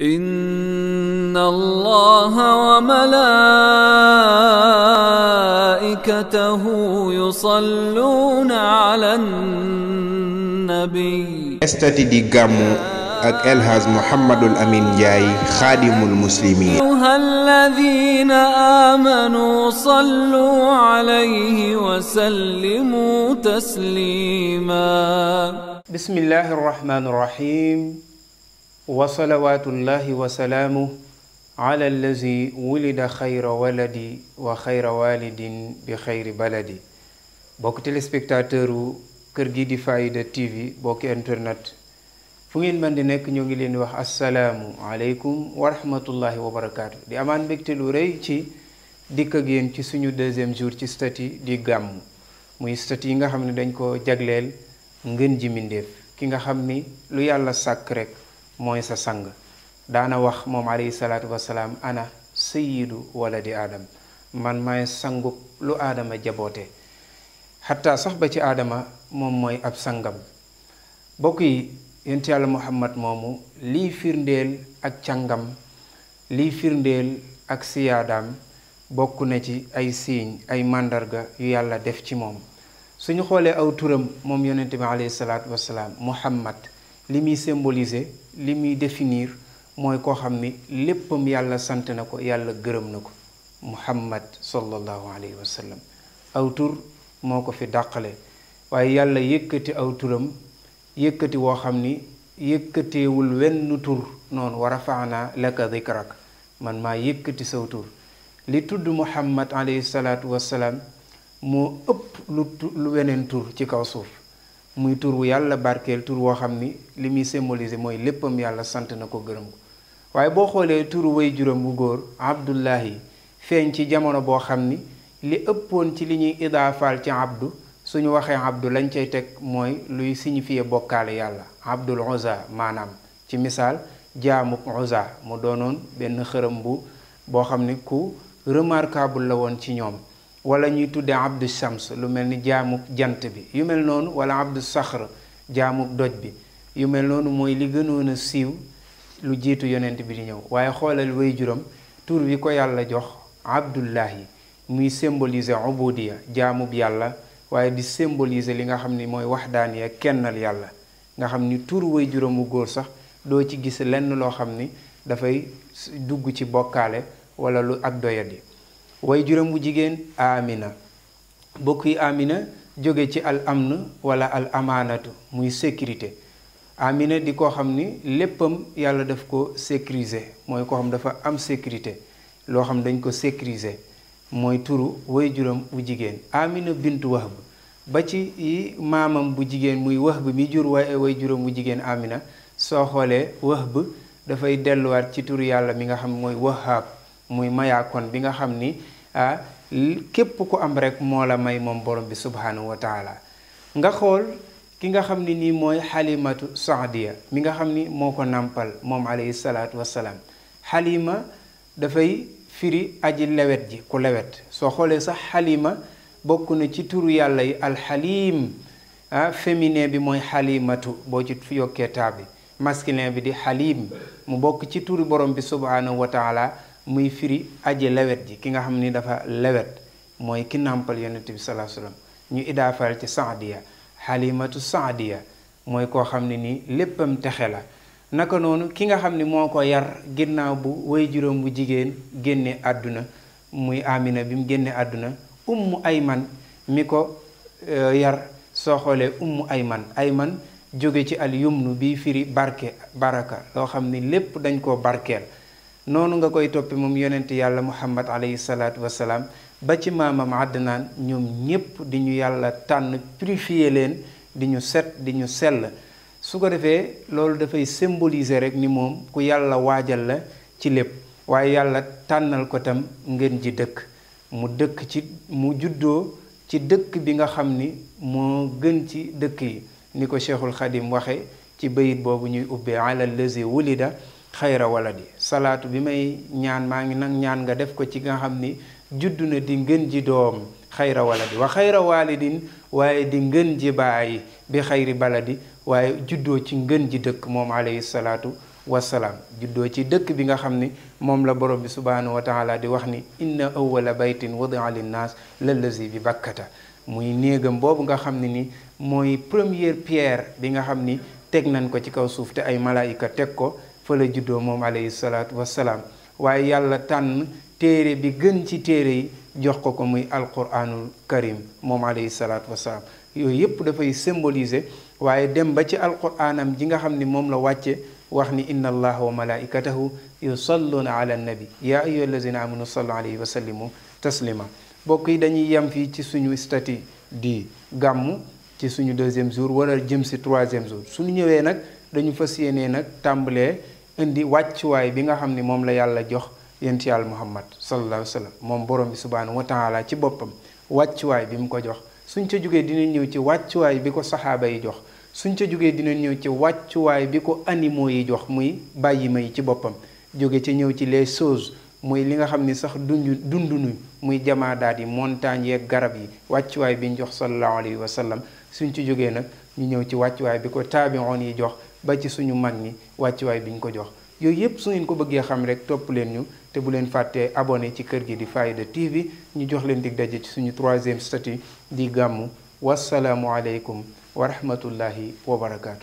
إن الله وملائكته يصلون على النبي estati di gàmmu ak El Hadj Mouhamadul Amine Ndiaye xaadimul muslimiin الذين آمنوا صلوا عليه وسلموا تسليما بسم الله الرحمن الرحيم wa salawaatullahi wa salaamu ala allazi wulida xayra waladi wa xayra walidin bi xayri baladi bokk téléspectateur u kër gi di Faaida TV bokk internet fu ngeen mën di nekk ñoo ngi leen di wax assalaamu aleykum wa rahmatullahi wa barakaatu di amaan mbégte lu rëy ci dikk ak yéen ci suñu deuxième jour ci statut di gàmm muy statut yi nga xam ne dañ ko jagleel ngën ji mbindéef ki nga xam ni lu yàlla sàkk rekk mooy sa sang daana wax moom alayhi salaatu wasalaam ana walla di aadam man maay sangub lu aadama jaboote xataa sax ba ci aadama moom mooy ab sangam bokk yi yent yàlla muhammad moomu lii firndeel ak càngam lii firndeel ak siyaadaam bokk na ci ay siiñ ay màndarga yu yàlla def ci moom suñu xoolee aw turam moom yonente bi alayhi salaatu muhammad li muy symboliser li muy définir mooy koo xam ni léppam yàlla sant na ko yàlla gërëm na ko muhammad sallallahu alayhi wa sallam aw tur moo ko fi dàqale waaye yàlla yëkkati aw turam yëkkati woo xam ni yëkkateewul wenn tur noonu wa rafaana laka dikrak man maa yëkkati saw tur li tudd muhammad alayhi salaatu wasalaam moo ëpp lu lu weneen tur ci kaw suuf muy tur wu yàlla barkeel tur woo xam ni li muy symboliser mooy léppam yàlla sant na ko gërëm ko waaye boo xoolee tur way juróom bu góor abdullahi feeñ ci jamono boo xam ni li ëppoon ci li ñuy idaafaal ci abdu suñu waxee abdu lañ cay teg mooy luy signifier bokkaale yàlla abdul uzza maanaam ci misaal jaamu uzza mu doonoon benn xërëm bu boo xam ni ku remarquable la woon ci ñoom wala ñuy tudde abdu shams lu mel ni jaamub jant bi yu mel noonu wala abdu saxr jaamub doj bi yu mel noonu mooy li gënoon a siiw lu jiitu yonent bi di ñëw waaye xoolal waajuram tur bi ko yàlla jox abdullahi muy symboliser ubudiya jaamub yàlla waaye di symboliser li nga xam ni mooy waxdaaniya kennal yàlla nga xam ni tur waajuram wu góor sax doo ci gis lenn loo xam ni dafay dugg ci bokkaale wala lu ak doyadi way juróom bu jigéen amina bokk yi amina jóge ci al am wala al amaanatu muy sécurité amina di koo xam ni léppam yàlla daf ko sécuriser mooy koo xam dafa am sécurité loo xam dañ ko sécuriser mooy turu way juróom bu jigéen amina bintu wahb ba ci maamam bu jigéen muy wahb mi jur way way juróom bu jigéen amina soo xoolee wax wahb dafay delluwaat ci turu yàlla mi nga xam mooy wahaab muy mayaakon bi nga xam ni ah képp ku am rek moo la may moom borom bi subhaanahu wa taala nga xool ki nga xam ni nii mooy xalimatu saadiya mi nga xam ni moo ko nàmpal moom alayhi salaatu wasalaam xalima dafay firi aji lawet ji ku lawet soo xoolee sax xalima bokk na ci turu yàlla yi alxalim féminin bi mooy xalimatu boo ci yokkee taa bi masculin bi di xalim mu bokk ci turu borom bi subhaanahu wa muy firi aji lawet ji ki nga xam ni dafa lewet mooy ki nàmpal yonent bi salaa salaam ñu idaafaal ci saadiya xalimatu saadiya mooy koo xam ne nii léppam texe la naka noonu ki nga xam ni moo ko yar ginnaaw bu way juróom bu jigéen génne àdduna muy amina bi mu génne àdduna ay man mi ko e, yar soo xoolee ay man ay man jóge ci al yumnu bi firi barke baraka loo xam ni lépp dañ koo barkeel noonu nga koy toppe moom yonent yàlla muhammad alayhi salaatu wasalaam ba ci maamam Adnaan ñoom ñépp di ñu yàlla tànn purifier leen di ñu set di ñu sell su ko defee loolu dafay symboliser rek ni moom ku yàlla waajal la ci lépp waaye yàlla tànnal ko tam ngeen ji dëkk mu dëkk ci mu juddoo ci dëkk bi nga xam ni moo gën ci dëkk yi ni ko cheikhul xadim waxe ci bayit boobu ñuy ubbee ala lazi wulida xayra waladi salaatu bi may ñaan maa ngi nag ñaan nga def ko ci nga xam ni judd na di ngën ji doom xayra waladi waaye di ngën ji baay bi xayri waaye juddoo ci ngën ji dëkk moom alayhi salaatu wasalaam juddoo ci dëkk bi nga xam ni moom la borom bi subhanahu wa taala di wax ni inna awwala baytin wadia linnaas lallazi bi bakkata muy néegam boobu nga xam ne ni mooy première pierre bi nga xam ni teg nañ ko ci kaw suuf te ay malaayika teg ko fa la juddoo moom alayhi salaatu wassalaam waaye yàlla tànn téere bi gën ci téere yi jox ko ko muy alquranul karim moom alayhi salaatu wassalaam yooyu yépp dafay symboliser waaye dem ba ci alquranam ji nga xam ni moom la wàcce wax ni inna allaha wa malaikatahu yusalluuna ala nabi yaa ayyuha allazina amanu sallu alayhi wa sallimu taslima bokk yi dañuy yem fii ci suñu statut di gàmm ci suñu deuxième jour wala jëm si troisième jour suñu ñëwee nag dañu fas yéenee nag tàmbalee indi wàccuwaay bi nga xam ni moom la yàlla jox yonent yàlla muhammad sallallahu alayhi moom borom bi subhaanahu wa taala ci boppam wàccuwaay bi mu ko jox suñ ca jógee dinañ ñëw ci wàccuwaay bi ko saxaaba yi jox suñ ca jógee dinañ ñëw ci wàccuwaay bi ko animaux yi jox muy bàyyi ma ci boppam jóge ci ñëw ci les choses muy li nga xam ni sax dundu dunduñu muy jamaadaat montagne yeeg garab yi wàccuwaay bi ñu jox sallallahu alayhi suñ ci jógee nag ñu ñëw ci wàccuwaay bi ko taabiroon yi jox ba ci suñu mag ñi wàccuwaay bi ñu ko jox yooyu yëpp su ngeen ko bëggee xam rek topp leen ñu te bu leen fàttee abonné ci kër gi di Faaida TV ñu jox leen dig daje ci suñu troisième statut di gàmmu wasalaamualeykum wa rahmatullahi wa barakaatu.